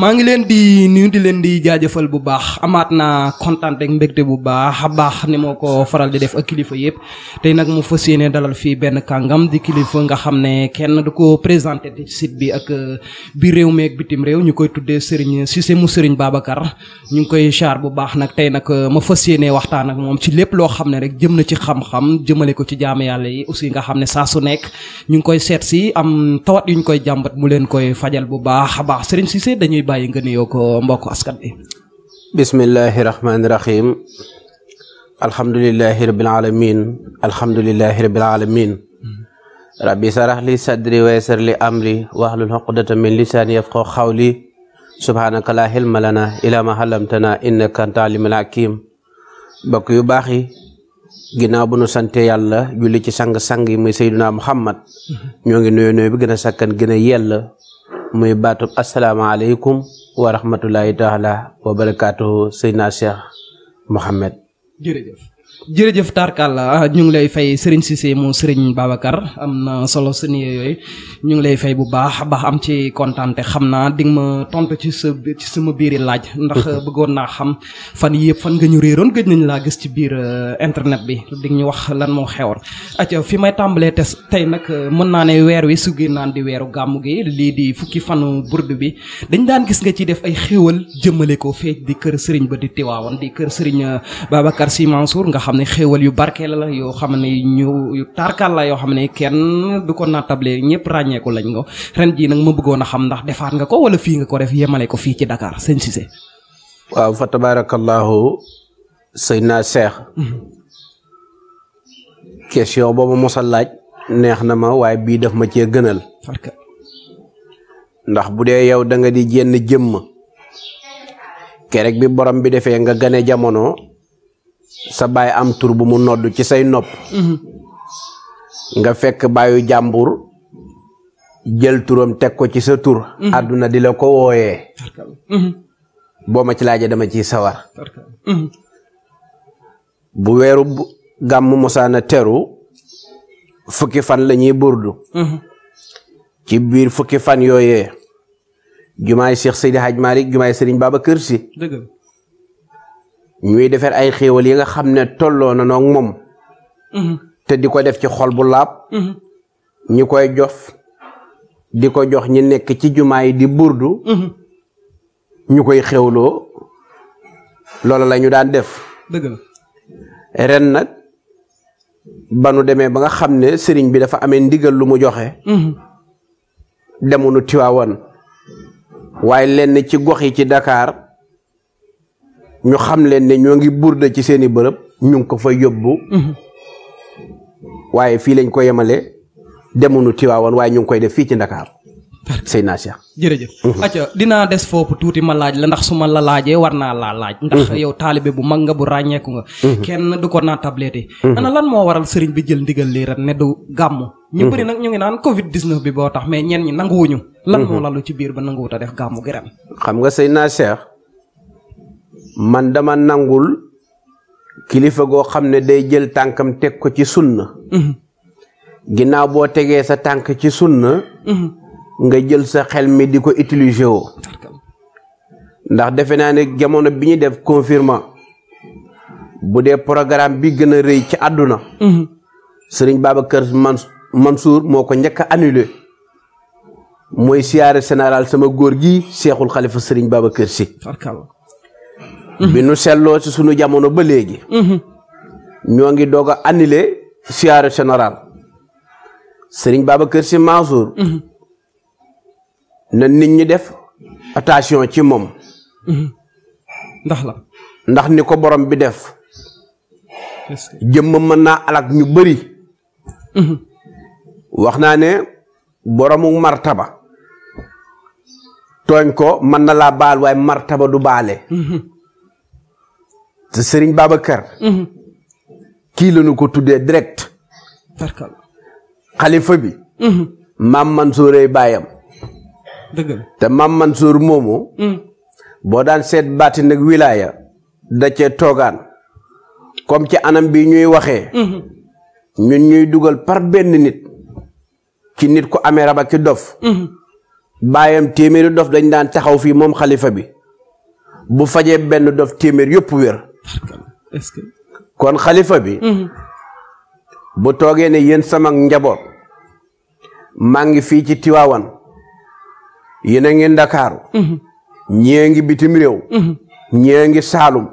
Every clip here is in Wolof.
maa ngi leen di nuyu di leen di jaajëfal bu baax amaat naa kontaan ak mbégte bu baax a baax ni moo ko faral di def ak kilifa yëpp tey nag mu fas yéene dalal fii benn kàngam di kilifa nga xam ne kenn du ko présenté ci bi ak euh, bi réew mi ak bitim réew ñu koy tuddee Serigne Cissé mu Serigne ñu ngi koy char bu baax nag tey nag euh, ma fas yéene waxtaan ak moom ci lépp loo xam ne rek jëm na ci xam-xam jëmale ko ci jaamu yàlla yi aussi nga xam ne saa su nekk ñu ngi koy seet si am tawat yu ñu koy jàmbat mu leen koy fajal bu baax a baax Serigne Cissé dañuy lay bàyyi nga nuyoo ko mbokk askan bi bismillahi rahmaani rahim alhamdulilahi rabbil alamin alhamdulilahi rabbil alamin rabbi sarah li sadri li amri wahlul uqdata min lisani yafqahu qawli subhanaka la hilma ma halamtana innaka anta yu baax yi bu nu sante yàlla julli ci sang-sang yi muy sayduna muhammad ñoo ngi nuyu nuyu bi gën a sakkan gën a yell muy baatub asalaamaaleykum wa rahmatulahi taala wa barakaatuhu Seydina Cheikh Mohamed jërëjëf Tarkalla ñu ngi lay fay Serigne Cissé mu Serigne Babacar am na solo sëñ yooyu ñu ngi lay fay bu baax baax am ci kontaan xam naa di nga ma tontu ci sa sama biiri laaj. ndax bëggoon naa xam fan yii yëpp fan nga ñu réeroon gëj nañ laa gis ci biir euh, internet bi di ñu wax lan moo xewoon. acca fi may tàmbalee te tey nag euh, mën naa ne weer wi su gi naan di weeru gàmm gi lii di fukki fanu burdu bi dañ daan gis nga ci def ay xéwal jëmale ko fee di kër sëriñ ba di Tiwaawan di kër Serigne euh, Babacar Sy nga xam xam ne yu barkeel la la yoo xam ne ñu yu tarkal la yoo xam ne kenn du ko naatable ñëpp ràññeeku lañ ko ren jii nag ma bëggoon a xam ndax defaat nga ko wala fii nga ko def yemale ko fii ci Dakar sëñ Cissé. waaw fa tabaarakallaahu naa seex. Mhm. question boobu mos a laaj neex na ma waaye bii daf ma cee gënal. ndax bu dee yow danga di jenn jëmm. kerek bi borom bi defee nga gane jamono. sa baay am tur bu mu nodd ci say nopp nga fekk baayu jàmbur jël turam teg ko ci sa tur àdduna di la ko wooye boo ma ci laajee dama ciy sawar bu weeru gàmm mosaana teru fukki fan lañuy ñuy burdu ci biir fukki fan yooyee jumaay Cheikh Seydi Hadj Malick jumaay Serigne Babacar Sy dëgg ñuy defar ay xéewal yi nga xam ne tolloo na noog moom mm-hmm. te di ko def ci xol bu laab mm-hmm. ñi koy jof di ko jox ñi nekk ci jumaa yi di burdu mm-hmm. ñu koy xewloo loolu la ñu daan def dëgg la ren nag ba nu demee ba nga xam ne sëriñ bi dafa amee ndigal lu mu joxe demunu Tiwaawan waaye lenn ci gox yi ci Dakar ñu xam leen ne ñoo ngi buur burde ci seen i bërëb ñu ngi ko fa yóbbu mhm. waaye fii lañ ko yemale demunu Tiwaawan waaye ñu ngi koy def fii ci Ndakaar sëy naa Cheikh jërëjëf mhm. acca dinaa des foofu tuuti ma laaj la ndax su ma la laajee war naa laa laaj mhm. ndax yow taalibe bu mag nga bu ràññeeku nga kenn du ko naa tableté ana lan moo waral sëriñ bi jël ndigal lii ren ne du gàmmu ñu bëri nag ñu ngi naan covid 19 bi boo tax mais ñenn ñi nanguwuñu lan lalu ci biir ba nanguwut def gàmmu gi ren xam nga sëy naa Cheikh man dama nangul kilifa goo xam ne day jël tànkam teg ko ci sunna mhm. ginnaaw boo tegee sa tànk ci sunna mhm. nga jël sa xel mi di ko utiliser woo ndax defe naa ne jamono bi ñuy def confirmant bu dee programme bi gën a rëy ci àdduna mhm. sëriñ Babacar Mansour moo ko njëkk a annulé mooy siyaare général sama góor gi seexul xalifa sëriñ kër Si bi nu seetloo ci sunu jamono ba léegi. Mm-hmm. ñoo ngi doog a annulé siyaare général Serigne Babacar Sy Mansour. Mm-hmm. na nit ñi def attention ci moom. Mm-hmm. ndax la ndax ni ko borom bi def. jëmm mën naa alak ñu bëri. wax naa ne boromu martaba. tooñ ko mën na laa baal waaye martaba du baale. te Serigne Babacar. Mhm. kii la ñu ko tuddee direct. xalifa bi. maam mhm. Mansour baayam. te maam Mansour moomu. Mhm. boo daan seet baatin ak wilaya. da cee toogaan. kom ci anam bi ñuy waxee. ñun ñuy dugal par benn nit. ci nit ku amee rab dof. baayam téeméeri dof dañ daan taxaw fii moom xalifa bi. bu fajee benn dof téeméer yëpp wér. kon xalifa bi. Mhm. bu toogee ne yéen sama njaboot maa ngi fii ci Tiwaawan yéen ngi Ndakaaru. Mhm. ñii ngi bitim réew. Mhm. ñii ngi Saalum.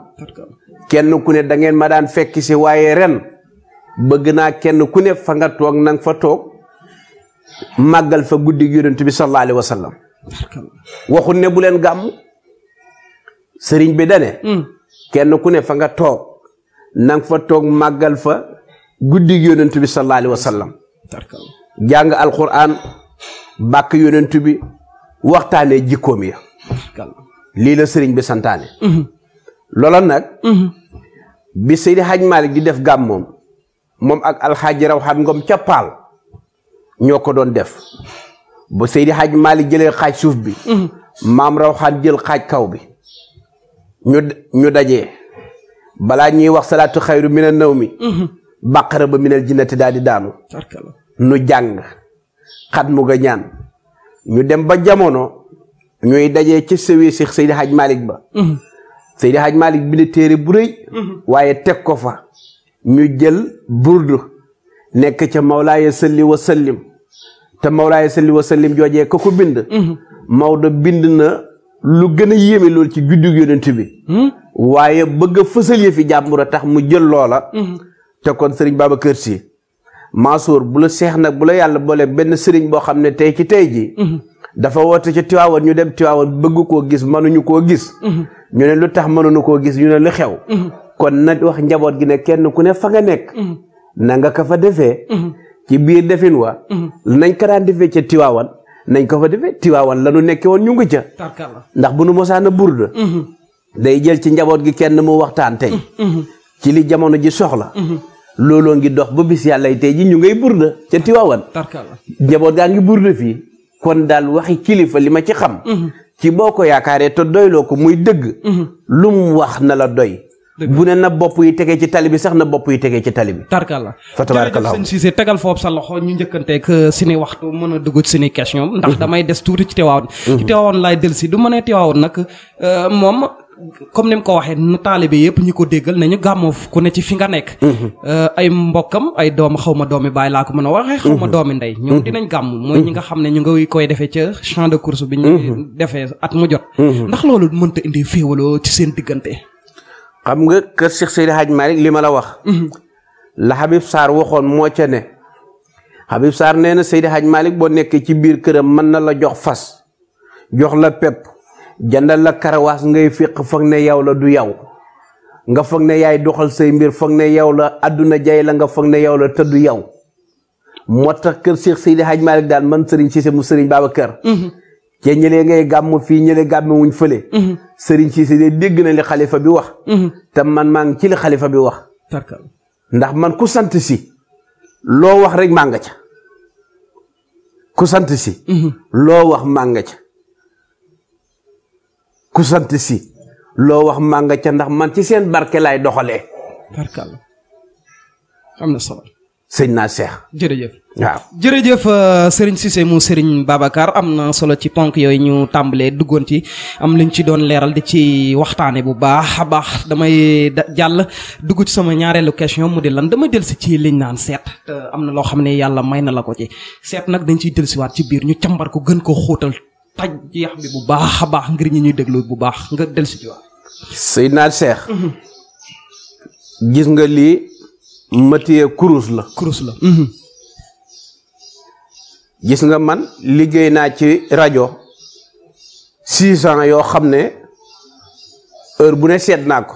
kenn ku ne da ma daan fekki si waaye ren bëgg naa kenn ku ne fa nga toog na fa toog màggal fa guddi yonent bi sallallahu alayhi wa ne bu leen sëriñ bi dane kenn ku ne fa nga toog nang fa toog màggal fa guddig yonent bi sallallahu alayhi wa sallam jàng alquran bàkk yonent bi waxtaanee jikkoom ya lii la sëriñ bi santaane mhm. loola nag mhm. bi Seydi Hadj Malick di def gàmmoom moom ak alxaaji Rawxaan Ngom ca ñoo ko doon def bu Seydi Hadj Malick jëlee xaaj suuf bi mhm. maam Rawxaan jël xaaj kaw bi ñu ñu dajee balaa ñuy wax salaatu xayru mina nawmi mhm. bàqara ba minal jinnati daal di daanu nu jàng xat mu ga ñaan ñu dem ba jamono ñuy daje ci sëwi si Seydi Hadj Malick ba mhm. Seydi Hadj Malick bi ne téere bu rëy mhm. waaye teg ko fa ñu jël burdu nekk ca mawlaaya sëlli wa sëllim te mawlaaya sëlli wa sëllim joojee ko ko bind Maodo bind na lu gën a yéeme loolu ci juddug yonent bi hmm? waaye bëgg a fësal fi jàmbur a tax mu jël loola hmm. te kon sëriñ kër si Mansour bu la seex nag bu la yàlla boole benn sëriñ boo xam ne tey ci tey ji hmm. dafa woote ci Tiwaawan ñu dem Tiwaawan bëgg koo gis mënuñu koo gis ñu ne lu tax mënuñu koo gis ñu ne lu xew kon na wax njaboot gi ne kenn ku ne fa nga nekk na nga ka fa defee ci biir defin wa nañ ko daan defee ci Tiwaawan nañ ko fa defee Tiwaawan la nu nekkee woon ñu ngi ca. ndax bu nu mosaan a burde. Mhm. day jël ci njaboot gi kenn mu waxtaan tey. Mhm, mhm. ci li jamono ji soxla. looloo ngi dox ba bis yàlla tey ji ñu ngay burde ca Tiwaawan. njaboot gaa ngi burde fii kon daal waxi kilifa li ma ci xam. ci boo ko yaakaaree te doyloo ko muy dëgg. lu mu wax na la doy. bu ne na bopp yi tegee ci tali bi sax na bopp yi tegee ci tali bi. tarkalla fa tabaarakallah jërëjëf sëñ Cissé tegal foofu sa loxo ñu njëkkanteeg euh, suñu waxtu mën a dugg suñu question ndax mhm. damay des tuuti ci teewaawoon. ci mhm. teewaawoon laay dellusi du ma nee teewaawoon nag euh, moom. comme ni mu ko waxee nu taalibe yëpp ñu ko déggal nañu gàmmoo ku ne ci fi nga nekk. Mhm. Euh, ay mbokkam ay doom xaw ma doomi bàyyi laa ko mën a waxee. xaw ma doomi ndey ñoom dinañ gàmm. mooy ñi nga xam ne ñu ngi koy defee ca champ de course bi. ñu defee at mu jot. ndax loolu mënta indi féewaloo ci seen diggante. xam nga kër Cheikh Seydi Hadj li ma la wax. Mhm. la Habib Sarr waxoon moo ca ne. Habib Sarr nee na Seydi Hadj boo nekkee ci biir këram mën na la jox fas jox la pepp jëndal la karawaas ngay féq foog ne yow la du yow nga foog ne yaay doxal say mbir foog ne yow la àdduna jay la nga foog ne yow la te du yow moo tax kër Cheikh Seydi Hadj Malick daal man Serigne Cissé mu Serigne Babacar. Mhm. cee ñëlee ngay gàmm fii ñële gàmme wuñ fële mhm. sëriñ Cissé de dégg na li xalifa bi wax mhm. te man maa ngi ci li xalifa bi wax ndax man ku sant si loo wax rek maa nga ca ku sant si mhm. loo wax maa nga ca ku sant si loo wax maa ca ndax man ci seen barke laay doxalee am na solo sëñ naa seex jërëjëf waaw jërëjëf euh, Serigne Cissé mu Serigne Babacar am na solo ci ponk yooyu ñu tàmbalee duggoon ci am liñ ci doon leeral di ci waxtaane bu baax a baax damay jàll dugg ci sama ñaareelu question mu di lan damay delsi ci liñ naan seet te am na loo xam ne yàlla may na la ko ci seet nag dañ ciy delsiwaat ci biir ñu càmbar ko gën ko xóotal taj jeex bi bu baax a baax ngir ñi ñuy déglu bu baax nga delsi ci waat sëñ naa seex mm-hmm. gis nga lii ma kurus la. kurus la. Mhm. gis nga man liggéey naa ci rajo six yoo xam ne heure bu ne seet naa ko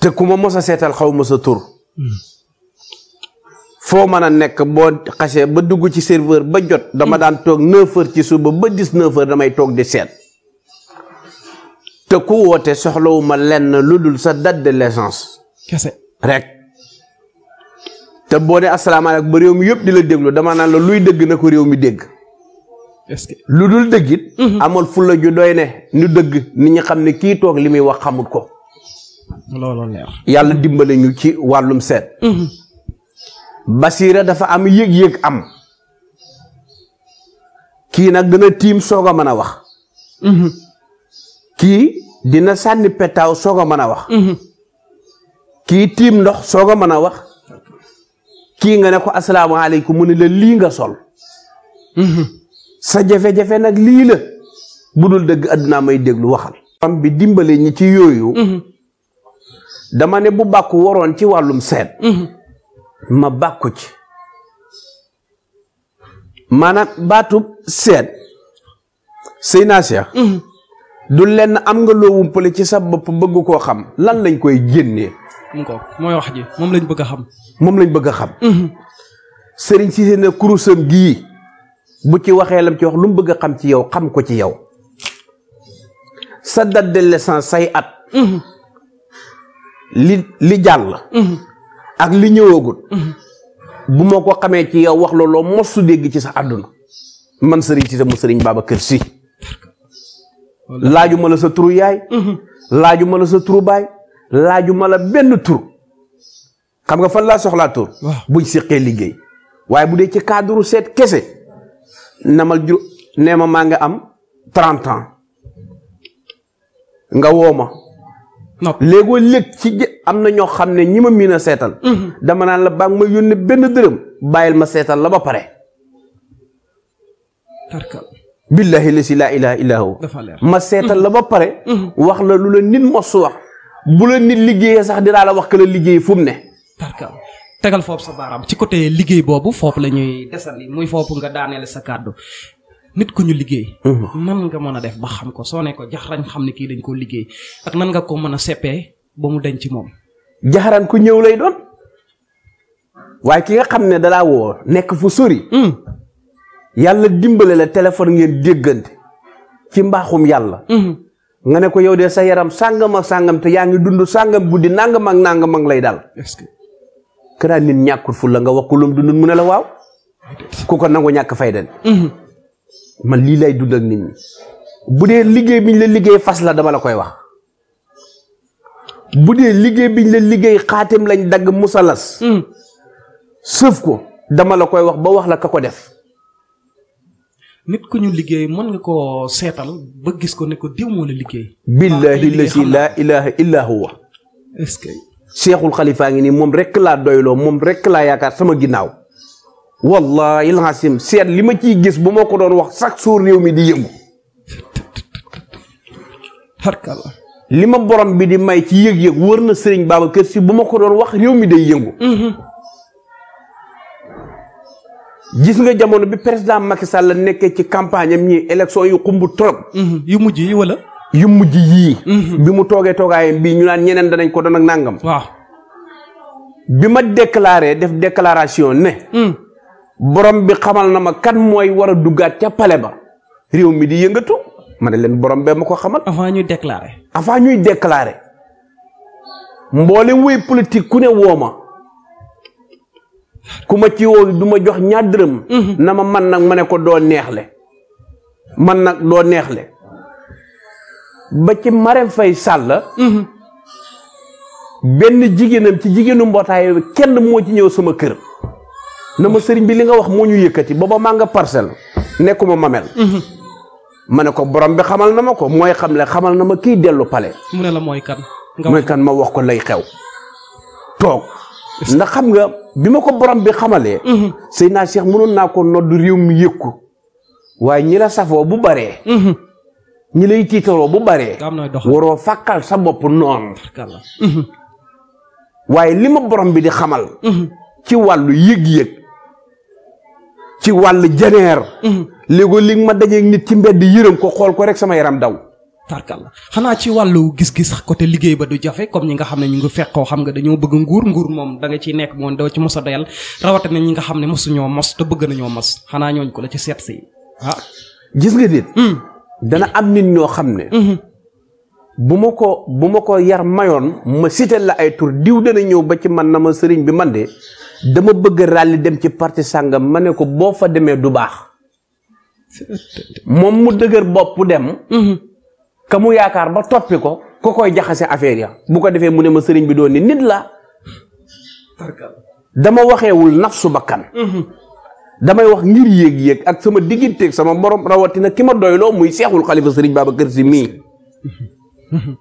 te ku ma mos a seetal xaw ma sa tur. Mhm. foo mën a nekk boo xasee ba dugg ci serveur ba jot. dama mhm. daan toog neuf ci suba ba dix neuf damay toog di seet. te ku woote soxlawu ma lenn lu dul sa date de naissance. kese rek. te boo ne asalaamaaleykum ba réew mi yëpp di la déglu dama naan la luy dégg na ko réew mi dégg. lu dul dëgg it. Mhm. amal fulla ju doy ne ñu dëgg nit ñi xam ne kii toog li muy wax xamut ko. yàlla dimbale ñu ci wàllum seet. Mhm. Basiira dafa am yéeg yëg am. kii nag gën a tiim soog a mën a wax. Mhm. kii dina sànni petaaw soog a mën a wax. kii tiim ndox soog a mën a wax. kii nga ne ko asalaamaaleykum mu ni la lii nga sol sa jafe-jafe nag lii la bu dul dëgg àdduna may déglu waxal am bi dimbale ñi ci yooyu dama ne bu bàkku waroon ci wàllum seet ma bàkku ci maanaam baatub seet sëy naa seex du lenn am nga loo wumpale ci sa bopp bëgg koo xam lan lañ koy génnee mu ko mooy wax ji moom lañ bëgg a xam. moom lañ bëgg a xam. Mhm. sëriñ Cissé ne kurusam gii bu ci waxee lam ci wax lu mu bëgg a xam ci yow xam ko ci yow sa date de naissance say at. Mhm. li li jàll. Mhm. ak li ñëwagul. bu ma ko xamee ci yow wax looloo mosu dégg ci sa àdduna man sëriñ Cissé mu sëriñ Babacar Sy laaju ma la sa turu yaay. laaju la sa turu baay. laajuma la benn tur xam nga fan laa soxlaa tur. buñ seqee liggéey. waaye bu dee ci cadre seet kese namal jur nee ma maa nga am trente ans nga woo ma. léegoo léeg ci am na ñoo xam ne ñi ma miin a seetal. Mhm. dama naan la ba ma yónnee benn dërëm bàyyil ma seetal la ba pare. billahi la si laa ilaha illa hu ma seetal la ba pare. Mhm. wax la lu la nit mos wax. bu la nit liggéeyee sax dinaa la wax que la liggéey fu mu ne. tegal foofu sa baaraam ci côté liggéey boobu foofu la ñuy desandi muy foofu nga daaneel sa kàddu nit ku ñu liggéey. Uh-huh. nan nga mën a def ba xam ko soo ne ko jaxarañ xam ne kii dañ koo liggéey ak nan nga ko mën a seppee ba mu ci moom. jaxarañ ku ñëw lay doon waaye ki nga xam ne dalaa woo nekk fu sori. Hmm. yàlla dimbale la téléphone ngeen déggante ci mbaaxum yàlla. Hmm. nga ne ko yow de sa yaram sàngam ak sàngam te yaa ngi dund sàngam guddi nangam ak nangam ak lay daal. est-ce que këraat nit ñàkkul fu la nga wax ko lum dund mu ne la waaw. ku ko nangu ñàkk fayda mhm. man lii lay dund ak nit ñi. bu dee liggéey biñ la liggéey fas la dama la koy wax. bu dee liggéey biñ la liggéey xaatim lañ dagg musalas. Mhm. sëf ko dama la koy wax ba wax la ka ko def. nit ku ñu liggéey mën nga koo seetal ba gis ko ne ko diw moo la liggéey. billahi lazi laa ilaaha illaa huwa. est-ce que. seexul xalifaa ngi nii moom rek laa doyloo moom rek laa yaakaar sama ginnaaw. wallahi alhasim seet li ma ciy gis bu ma ko doon wax chaque jour réew mi di yëngu. harkala li ma borom bi di may ci yëg-yëg wër na Serigne kër si bu ma ko doon wax réew mi day yëngu. Mm-hmm. gis nga jamono bi président Macky Sall nekkee ci campagne am ñii élection yu xumb trop. Mhm. yu mujj yi wala. yu mujj yii. Mhm. bi mu toogee toogaayam bii ñu naan ñeneen danañ ko doon ak nangam. waaw bi ma déclaré def déclaration ne. Mhm. borom bi xamal na ma kan mooy war a duggaat ca pale ba. réew mi di yëngatu. ma ne leen borom bee ma ko xamal. avant ñuy déclaré. avant ñuy déclaré. mboolem wuy politique ku ne woo ma. ku ma ci woo du ma jox ñaar dërëm. Mhm. na ma man nag ma ne ko doo neexle man nag doo neexle ba ci Marème Faye Sall. Mhm. benn jigéenam ci jigéenu mbootaay kenn moo ci ñëw sama kër. na ma sëriñ bi li nga wax moo ñu yëkkati booba maa nga parcelle nekkuma mamel. Mhm. ma ne ko borom bi xamal na ma ko mooy xamle xamal na ma kii dellu pale. mu ne la mooy kan. mooy kan ma wax ko lay xew toog. ndax xam nga bi ma ko borom bi xamalee. Mhm. say naa Cheikh mënoon naa ko nodd réew mi yëg ko waaye ñi la safoo bu baree. Mhm. ñi lay tiitaroo bu baree. waroo fàkkal sa bopp noonu. Mhm. waaye li ma borom bi di xamal. ci wàllu yëg-yëg. ci wàllu jeneer. léegoo li ma dajeeg nit ci mbedd yërëm ko xool ko rek sama yaram daw. tarkalla xanaa ci wàllu gis-gis côté liggéey ba du jafe comme ñi nga xam ne ñu ngi fekkoo xam nga dañoo bëgg nguur nguur moom da nga ciy nekk moom doo ci mos a doyal rawatina xam ne mosuñoo mos te bëgg nañoo mos xanaa ñooñu ko la ci seet ah, nga hmm. dana am nit ñoo xam ne. Hmm. bu ma ko bu ma ko yar mayoon ma cité la ay tur diw dana ñëw ba ci man na ma sëriñ bi man de dama bëgg a ràlli dem ci parti sàngam ma ne ko boo fa demee du baax. moom mu dëgër bopp dem. Hmm. ka mu yaakaar ba toppi ko ko koy jaxase affaire ya bu ko defee mu ne ma sëriñ bi doon ni nit la dama waxeewul nafsu bakkan mhm. damay wax ngir yéeg-yéeg ak sama digganteeg sama borom rawatina ki ma doyloo muy seexul xalifa sëriñ Babacar Si mii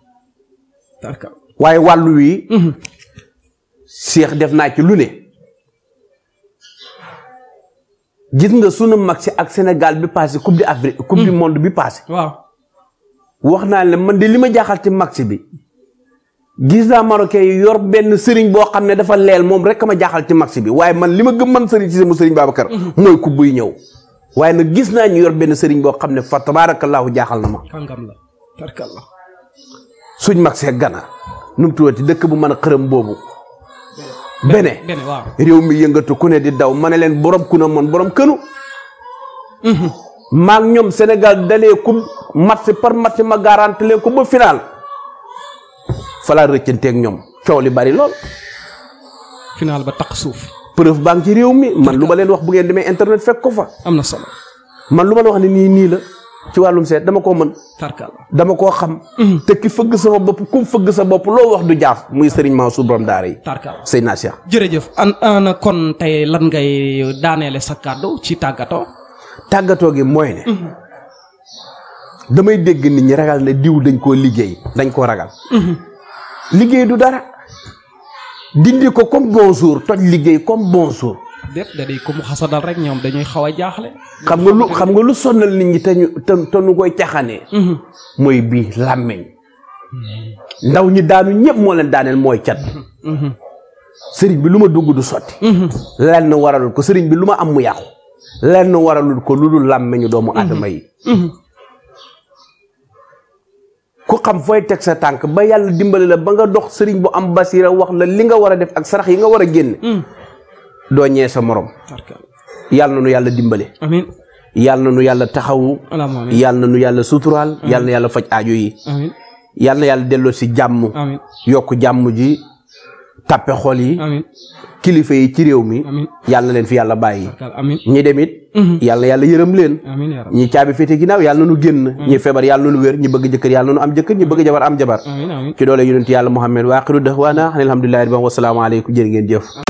waaye wàllu wi mhm. seex def naa ci lu ne gis nga sunu mag si ak Sénégal bi passé coupe d'Afrique coupe du mhm. monde bi passé wax naa ne man di li ma jaaxal ci match bi gis naa Marocain yi yor benn sëriñ boo xam ne dafa leel moom rek ma jaaxal ci match bi waaye man li ma gëm man sëriñ si sama sëriñ Babacar. Mhm. mooy ku buy ñëw. waaye nag gis naa ñu yor benn sëriñ boo xam ne fa tabaarakallaahu jaaxal na ma. kàngam la tarkalla. suñ match ak Gana nu mu tuddati dëkk bu mën a xërëm boobu. bene réew mi yëngatu ku ne di daw ma ne leen borom ku ne man borom kënu. Mhm. maak ñoom Sénégal dalee ko match par match ma garanti leen ko ba final falaa rëccanteeg ñoom coow li bari lool. final ba tax suuf. preuve baa ngi ci réew mi man lu ma leen wax bu ngeen demee internet fekk ko fa. am na solo man lu ma wax ne nii nii la ci wàllum seet dama koo mën. tarkal dama koo xam. Mhm. te ki fëgg sama bopp kum fëgg sa bopp loo wax du jaaf. muy sëriñ Mansour borom daara yi. tarkal sëy naa Cheikh. jërëjëf an ana kon tey lan ngay daaneele sa kàddu ci tàggatoo. tàggatoo gi mooy ne. Mhm. damay dégg nit ñi ragal ne diw dañ koo liggéey dañ koo ragal. Mhm. liggéey du dara. dindi ko comme bonjour toj liggéey comme bonjour. déet da day ko mu xasadal rek ñoom dañuy xaw a jaaxle. xam nga lu xam nga lu sonnal nit ñi te ñu te koy caxanee. Mhm. mooy bii làmmeñ. ndaw ñi daanu ñëpp moo leen daaneel mooy cat. sëriñ bi lu ma dugg du sotti. lenn waralul ko sëriñ bi lu ma am mu yàqu. a waralul ko lu dul làmmiñu doomu mhm. adama yi mhm. ku xam fooy teg sa tànk ba yàlla dimbali la ba nga dox sëriñ bu am basira wax la li nga war a def ak sarax yi nga war a génne mhm. doo ñee sa morom yàlla nu yàlla dimbali amiin yàlla na nu yàlla taxawu yàlla na nu yàlla suturaal yàlla na yàlla faj aajo yi yàlla delloo si jàmm yokk jàmm ji tàppe xol yi kilifa yi ci réew mi yàlla na leen fi yàlla bàyyi ñi dem it mhm. yàlla yàlla yërëm leen ñi caabi féete ginnaaw yàlla na nu génn mhm. ñi feebar yàlla na nu wér ñi bëgg jëkkër yàlla na nu am jëkkër ñi bëgg jabar am jabar ci doole yonent yàlla Muhammad waaxiru dahwaana alhamdulillahi rabbil aalamiin wa salaamu aleykum jërë ngeen jëf